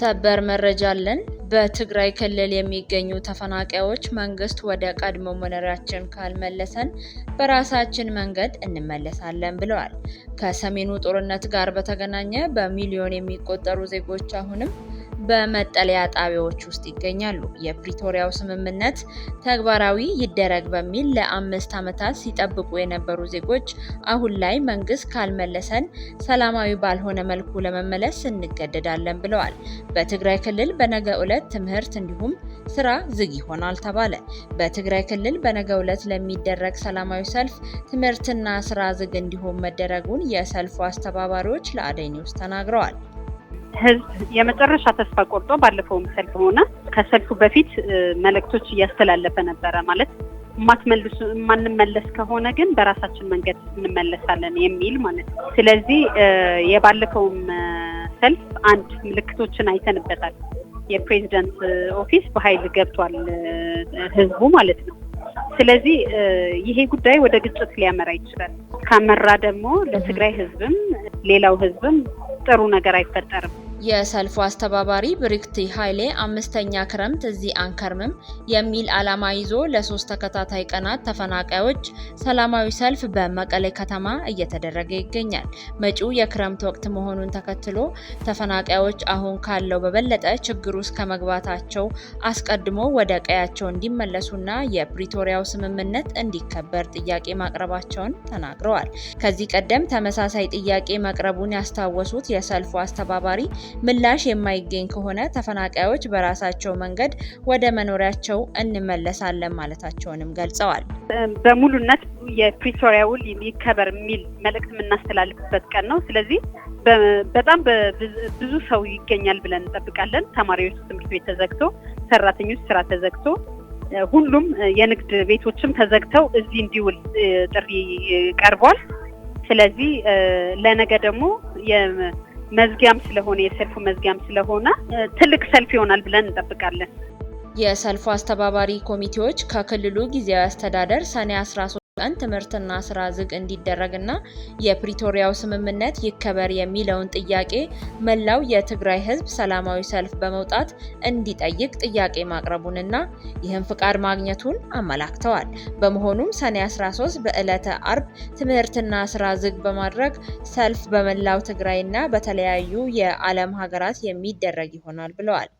ሰበር መረጃ አለን። በትግራይ ክልል የሚገኙ ተፈናቃዮች መንግስት ወደ ቀድሞ መኖሪያችን ካልመለሰን በራሳችን መንገድ እንመለሳለን ብለዋል። ከሰሜኑ ጦርነት ጋር በተገናኘ በሚሊዮን የሚቆጠሩ ዜጎች አሁንም በመጠለያ ጣቢያዎች ውስጥ ይገኛሉ። የፕሪቶሪያው ስምምነት ተግባራዊ ይደረግ በሚል ለአምስት ዓመታት ሲጠብቁ የነበሩ ዜጎች አሁን ላይ መንግስት ካልመለሰን ሰላማዊ ባልሆነ መልኩ ለመመለስ እንገደዳለን ብለዋል። በትግራይ ክልል በነገ ዕለት ትምህርት እንዲሁም ስራ ዝግ ይሆናል ተባለ። በትግራይ ክልል በነገ ዕለት ለሚደረግ ሰላማዊ ሰልፍ ትምህርትና ስራ ዝግ እንዲሁም መደረጉን የሰልፉ አስተባባሪዎች ለአደይ ኒውስ ተናግረዋል። ህዝብ የመጨረሻ ተስፋ ቆርጦ ባለፈውም ሰልፍ ሆነ ከሰልፉ በፊት መልእክቶች እያስተላለፈ ነበረ። ማለት ማትመልሱ የማንመለስ ከሆነ ግን በራሳችን መንገድ እንመለሳለን የሚል ማለት ነው። ስለዚህ የባለፈውም ሰልፍ አንድ ምልክቶችን አይተንበታል። የፕሬዚደንት ኦፊስ በኃይል ገብቷል ህዝቡ ማለት ነው። ስለዚህ ይሄ ጉዳይ ወደ ግጭት ሊያመራ ይችላል። ካመራ ደግሞ ለትግራይ ህዝብም ሌላው ህዝብም ጥሩ ነገር አይፈጠርም። የሰልፉ አስተባባሪ ብሪክቲ ኃይሌ አምስተኛ ክረምት እዚህ አንከርምም የሚል ዓላማ ይዞ ለሶስት ተከታታይ ቀናት ተፈናቃዮች ሰላማዊ ሰልፍ በመቀሌ ከተማ እየተደረገ ይገኛል። መጪው የክረምት ወቅት መሆኑን ተከትሎ ተፈናቃዮች አሁን ካለው በበለጠ ችግር ውስጥ ከመግባታቸው አስቀድሞ ወደ ቀያቸው እንዲመለሱና የፕሪቶሪያው ስምምነት እንዲከበር ጥያቄ ማቅረባቸውን ተናግረዋል። ከዚህ ቀደም ተመሳሳይ ጥያቄ መቅረቡን ያስታወሱት የሰልፉ አስተባባሪ ምላሽ የማይገኝ ከሆነ ተፈናቃዮች በራሳቸው መንገድ ወደ መኖሪያቸው እንመለሳለን ማለታቸውንም ገልጸዋል። በሙሉነት የፕሪቶሪያ ውል ይከበር የሚል መልእክት የምናስተላልፍበት ቀን ነው። ስለዚህ በጣም ብዙ ሰው ይገኛል ብለን እንጠብቃለን። ተማሪዎች ትምህርት ቤት ተዘግቶ፣ ሰራተኞች ስራ ተዘግቶ፣ ሁሉም የንግድ ቤቶችም ተዘግተው እዚህ እንዲውል ጥሪ ቀርቧል። ስለዚህ ለነገ ደግሞ መዝጊያም ስለሆነ የሰልፉ መዝጊያም ስለሆነ ትልቅ ሰልፍ ይሆናል ብለን እንጠብቃለን። የሰልፉ አስተባባሪ ኮሚቴዎች ከክልሉ ጊዜያዊ አስተዳደር ሰኔ 13 ቀን ትምህርትና ስራ ዝግ እንዲደረግና የፕሪቶሪያው ስምምነት ይከበር የሚለውን ጥያቄ መላው የትግራይ ህዝብ ሰላማዊ ሰልፍ በመውጣት እንዲጠይቅ ጥያቄ ማቅረቡንና ይህም ፍቃድ ማግኘቱን አመላክተዋል። በመሆኑም ሰኔ 13 በዕለተ አርብ ትምህርትና ስራ ዝግ በማድረግ ሰልፍ በመላው ትግራይና በተለያዩ የዓለም ሀገራት የሚደረግ ይሆናል ብለዋል።